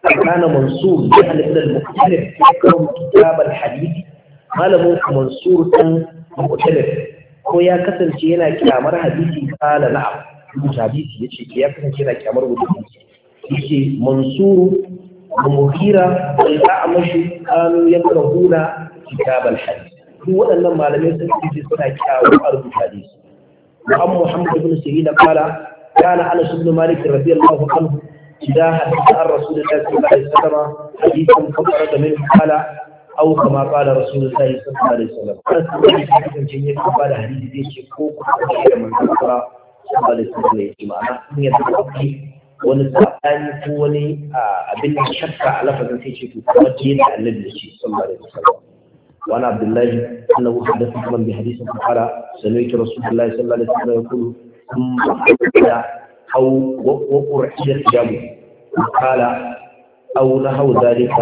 S1: ya كان منصور جهل ابن المختلف يكرم كتاب الحديث قال منصور مختلف هو يا كسر شينا كامر حديثي قال نعم tabisi ya ce ya kasance da kyamar wuce yake mansuru da muhira da za a mashi kanu ya kan huna kitabal hadis duk waɗannan malamai sun fi suna kyawun arzikin hadis Muhammad Muhammad ibn Sirin da kala kana Anas ibn Malik radiyallahu anhu idan hadisi an rasulullahi sallallahu alaihi wasallam hadisin kamar da min kala أو كما قال رسول الله صلى الله عليه وسلم. أنا سمعت أن جميع الكفار هذه ليش يكون من الكفار sallallahu alaihi wasallam ya ce ma'ana in ya zama wani sabani ko wani abin da shakka a lafazin sai ce to kuma ce da annabi ya ce sallallahu alaihi wasallam وعن عبد الله انه حدثني من بحديث قال سمعت رسول الله صلى الله عليه وسلم يقول ثم او وقرحي الحجاب قال او نحو ذلك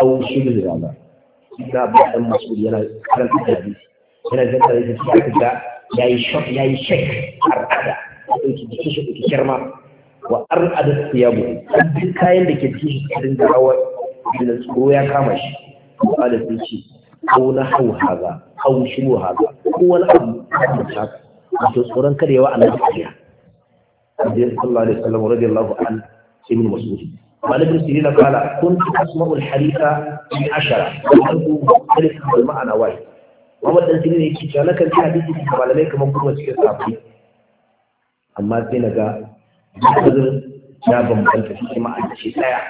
S1: او شبه ذلك ina ba dan yana karanta hadisi yana zanta da shi ya yi shek ya yi shak ar'ada ya ɗauki jikin shi ɗauki kirma wa ar'ada su ya buɗe duk kayan da ke jikin shi cikin rawar. da tsoro ya kama shi ba da sun ce hau na hau haza hau shigo haza ko wani abu da ta wato tsoron kada yawa annabi kariya Abdullahi sallallahu alaihi wasallam radiyallahu an ibn Mas'ud قال ابن سيرين قال كنت أسمع الحديث من عشرة وكنت مختلفا بالمعنى واحد Muhammad dan ne yake cewa na kan ci hadisi da malamai kamar kuma cikin safi amma sai na ga lafazin ya bambanta shi kuma a ce daya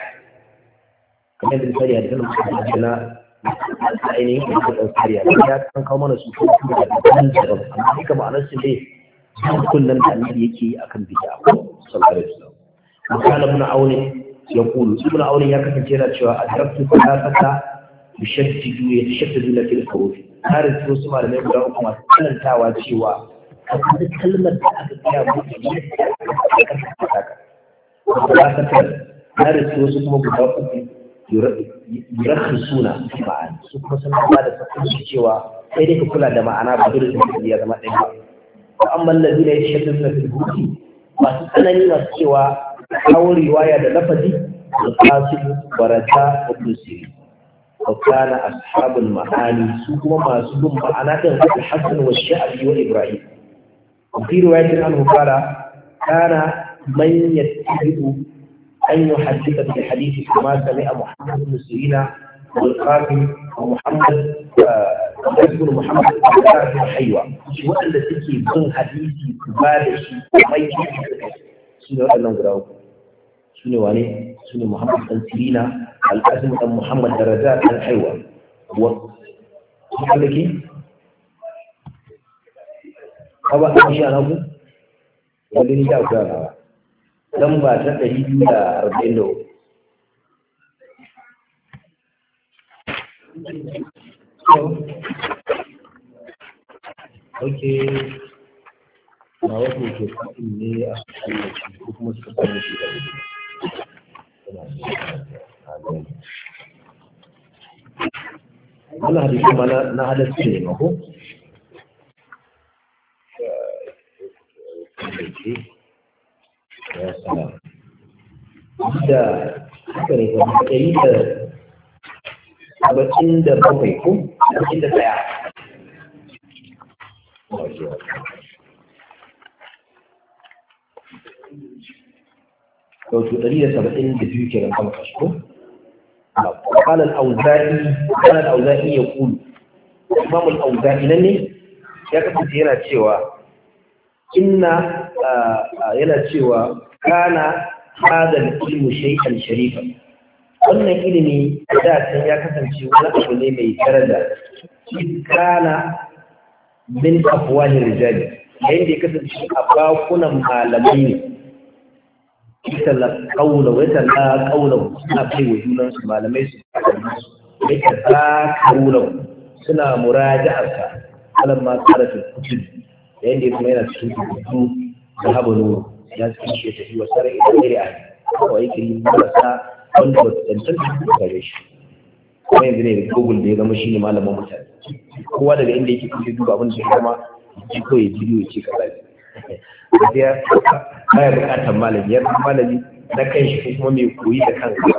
S1: kamar da misali a cikin da na ainihin kuma ɗaukariya ya kan kawo mana su kuma da ɗan daban amma duka ma'anar su ne kullum da annabi yake yi akan bid'a ko sallallahu alaihi wasallam misali ibn aure ya kulu ibnu aure ya kasance yana cewa a ta thalathata yushaddidu yatashaddidu fil qawli harin su wasu malamai guda uku masu tsanantawa cewa kamar kalmar da aka gaya da yadda aka saka ba ka tar harin su wasu kuma guda uku yurakhi suna ma'ani, su kuma sun ba da sakanci cewa sai dai ka kula da ma'ana ba dole sai ya zama ɗaya ba ko an amma lazi da yatashaddidu fil qawli masu tsanani masu cewa kawo riwaya da lafazi da kasu barata da kusiri wa kana ashabul ma'ani su kuma masu bin ma'ana din al-hasan wa sha'bi wa ibrahim fi riwayatin anhu qala kana man yattabi'u an yuhaddisa bi hadithi kama sami'a muhammad bin sirina wal qasim wa muhammad uh, ibn muhammad bin haywa shi wanda suke bin hadisi ba da shi mai shi ne wannan guda uku su ne wane su ne muhammad dan sirina alƙasin dan muhammad daraja dan haiwa wa kuma da ke ka ba a shi ana ku wani ni ta kura rawa dan ba ta ɗari biyu da arba'in da uku Okay. ba wasu ke faɗin a cikin kuma suka samu shi da wannan hadisi ma na halarci ne mako da haka ne kuma da yi da abacin da da tsaya wato 172 kenan kan kasko قال ya قال الأوزاعي يقول إمام ne لني kasance هنا cewa, إن هنا cewa كان هذا ilmu شيئا Sharifa. wannan ilimi da can ya kasance wani abu ne mai daraja kana min afwahi rijali yayin da ya kasance a bakunan malamai ne yatalla qawla wa yatalla qawla suna kai wa junan su malamai su yatalla qawla suna muraja'ar ka alam ma qaratu kutub yayin da kuma yana cikin kutu da habu nuru ya cikin shi tafi wa sarai da dare a kawai kiri marasa wanda ba su tantance da gare shi kuma yanzu ne da google da ya zama shine malamin mutane kowa daga inda yake kuke duba abin da ya ya ji kawai bidiyo ce kaza ya bukatar malami yana malami na kan shi kuma mai koyi da kansa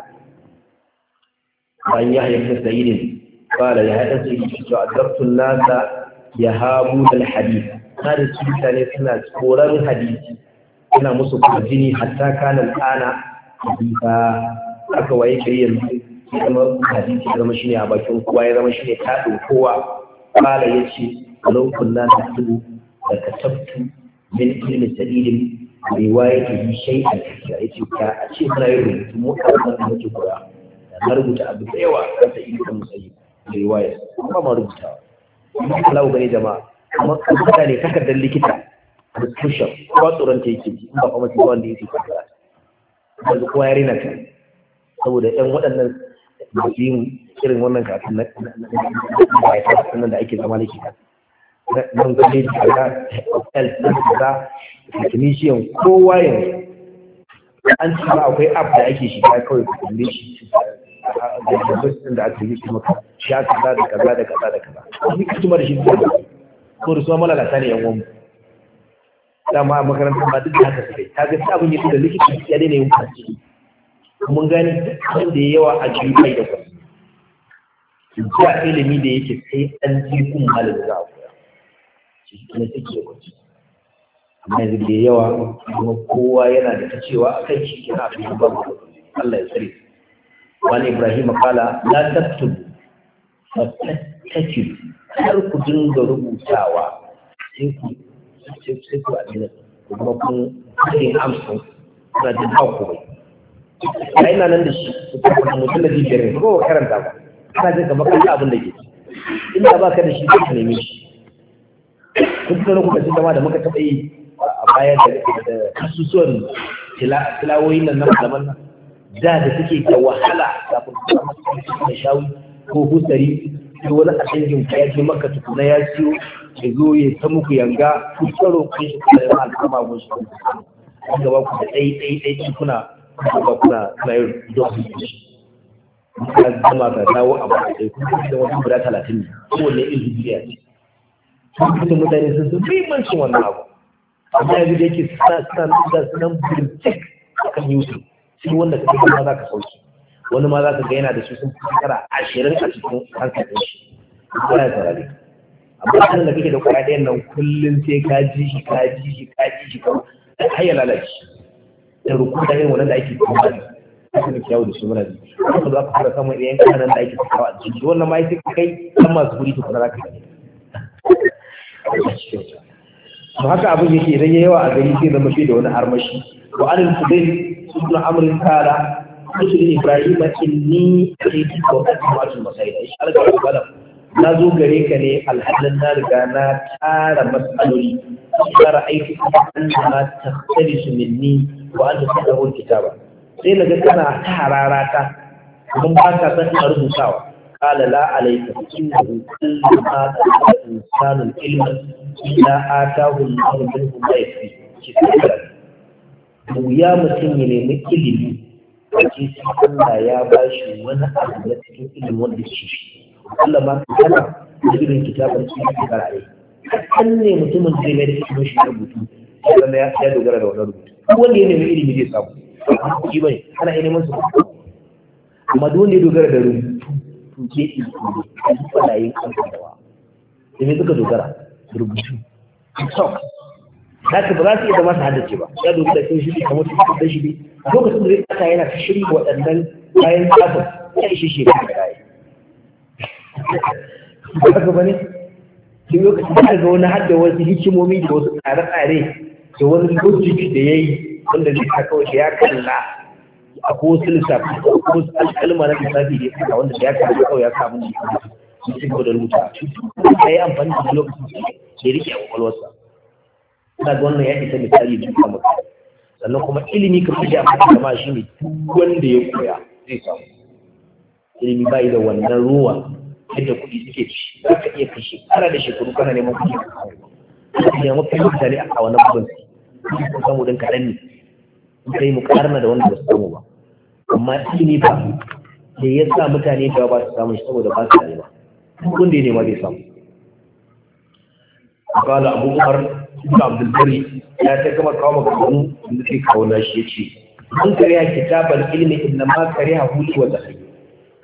S1: an yi haifin sayidin kala ya haɗa su yi cewa zartun nasa ya habu da hadis na da su mutane suna tsoron hadisi suna musu kurjini hatta kanan kana hadisa aka waye kai yanzu ya zama hadisi ya zama ne a bakin kowa ya zama ne ta kowa kala ya ce lokun na ta tudu da ka min ilmi sadidin riwayatihi shay'an yace ka a ce muna yin rubutu mu a wannan muke koya na rubuta abu da yawa kan ta ilmi musayyib riwaya kuma ma rubuta amma Allah gane jama'a amma kuma ne takardar likita prescription ko tsoron ta yake in ba kuma ciwon da yake kakara yanzu ya rina ta saboda yan waɗannan masu yin irin wannan kafin na bayan da ake zama likita nan gane da kaza hotel ɗin kaza da tunisian kowa yanzu an ci ba akwai app da ake shiga kawai ka kalle shi da jabbacin da aka yi kuma sha kaza da kaza da kaza da kaza wani kuma da shi da ko da su ma lalata ne yan wani dama a makarantar ba duk da haka suke ta ga abin yi da likita ya daina yin kwanci mun gani dukkan da yawa a jiyu kai da kwanci ja ilimi da yake sai an ji kun malin zaɓu ne take da amma yanzu da yawa kuma kowa yana da ta cewa kai kan shi kina abin ba Allah ya tsare wani Ibrahim kala la taktub fa taktub har ku dinga rubutawa sai ku sai ku abin ku kuma kun kai amsa kuna jin ba ku bai a ina nan da shi kuma mutum da jibiyar ne ko karanta ba kana jin kamar kanta abin da ke inda ba ka da shi ka nemi shi duk da lokacin zama da muka taɓa yi a baya da kasusuwan tilawoyin nan na malaman nan da da suke da wahala kafin su samu da shawi ko husari ko wani a dangin ka ya je maka tukuna ya ciyo ya zo ya ta muku yanga ku tsaro kun shi kuma yana al'umma ko shi an gaba ku da ɗai ɗai ɗai ɗai kuna kuma kuna kuna yin dokin shi ka zama ka dawo a ba ɗai kuma da wani guda talatin ne kowanne irin biya ne lokacin mutane sun sun muhimmancin wannan abu amma yanzu da yake suna da sunan birtik a kan youtube shi wanda ka kai ma za ka sauki wani ma za ka ga yana da su sun fi shekara ashirin a cikin hankalin shi ba ya saurare amma kan da kake da kwaya ɗayan nan kullum sai ka ji shi ka ji shi ka ji shi ka har ya lalace da rukun da irin wannan da ake kuma ne kuma kiyawo da su muna ji kuma za ka fara samun iyayen kanan da ake kawo a jiki wannan ma ya sai kai kan masu guri tukuna za ka yi a haka abin yake idan yawa a gari sai zama bai da wani armashi wa alil fudail ibn amr kala ibn ibrahim inni atitu wa qadmatu masaida inshallah ga balam na zo gare ka ne alhalin na riga na tara matsaloli ya ra'aiti annama takhtalisu minni wa anta tadawul kitaba sai naga kana ta hararata kuma ba ka san a rubutawa قال لا عليك إنه كل ما تحدث إنسان علما إلا آتاه الله منه ما يكفي كتابا wuya mutum ya nemi ilimi a ce sai Allah ya ba wani abu cikin ilimin wanda shi Allah ma ka kana da irin kitabar su da ra'ayi kan ne mutumin zai mai da ilimin shi rubutu ya zama ya dogara da wannan rubutu wanda ya nemi ilimi zai samu ba kuɗi bane ana ilimin su amma dole ya dogara da rubutu tuge in tuge a yi kwalayen alfadawa da ne suka dogara rubutu sok haka ba za su iya zama su haddace ba ya dogara da sun shiri kamar su da shiri lokacin da zai kasa yana ta shiri waɗannan kayan tsafin ya ishe shekaru da kayan ba ka bane duk lokacin da ga wani hadda wasu hikimomi da wasu tsare-tsare da wani logic da ya yi wanda zai kawai ya kalla Akwai wasu lissafi ko wasu alƙalma na lissafi da ya saka wanda ya kama kawai ya samu ne su ci gaba da rubuta ya yi amfani da lokacin da ya rike a kwakwalwarsa ina ga wannan ya isa misali da kuma mutum sannan kuma ilimi kamar da amfani kama shi ne duk wanda ya koya zai samu ilimi bai da wannan ruwa yadda kuɗi suke ci za ka iya kashe. shekara da shekaru kana neman kuɗi ka samu ya mafi mutane a wannan bugun samu don kaɗan ne in yi mukarna da wanda ba su samu ba amma shine ba da ya sa mutane da ba su samu shi saboda ba su da ba kun da ya nema bai samu qala abu umar ibn abdul ya ta kuma kawo maka wani inda kai kawo na shi yace an kariya kitabal ilmi inna ma kariha huwa wa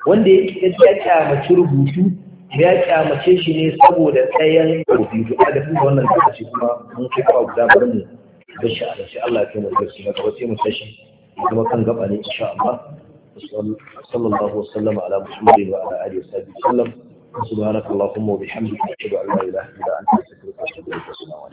S1: wanda ya kiyata ma rubutu ya kyamace shi ne saboda tsayen rubutu a da kuma wannan da ake kuma mun kai kawo da mu. da a sai Allah ya kai mu gaci na gaba mu tashi kuma kan gaba ne insha Allah sallallahu wasallama ala muhammadin wa ala alihi wa sallam subhanakallahumma wa bihamdika ashhadu an la ilaha illa anta astaghfiruka wa atubu ilaik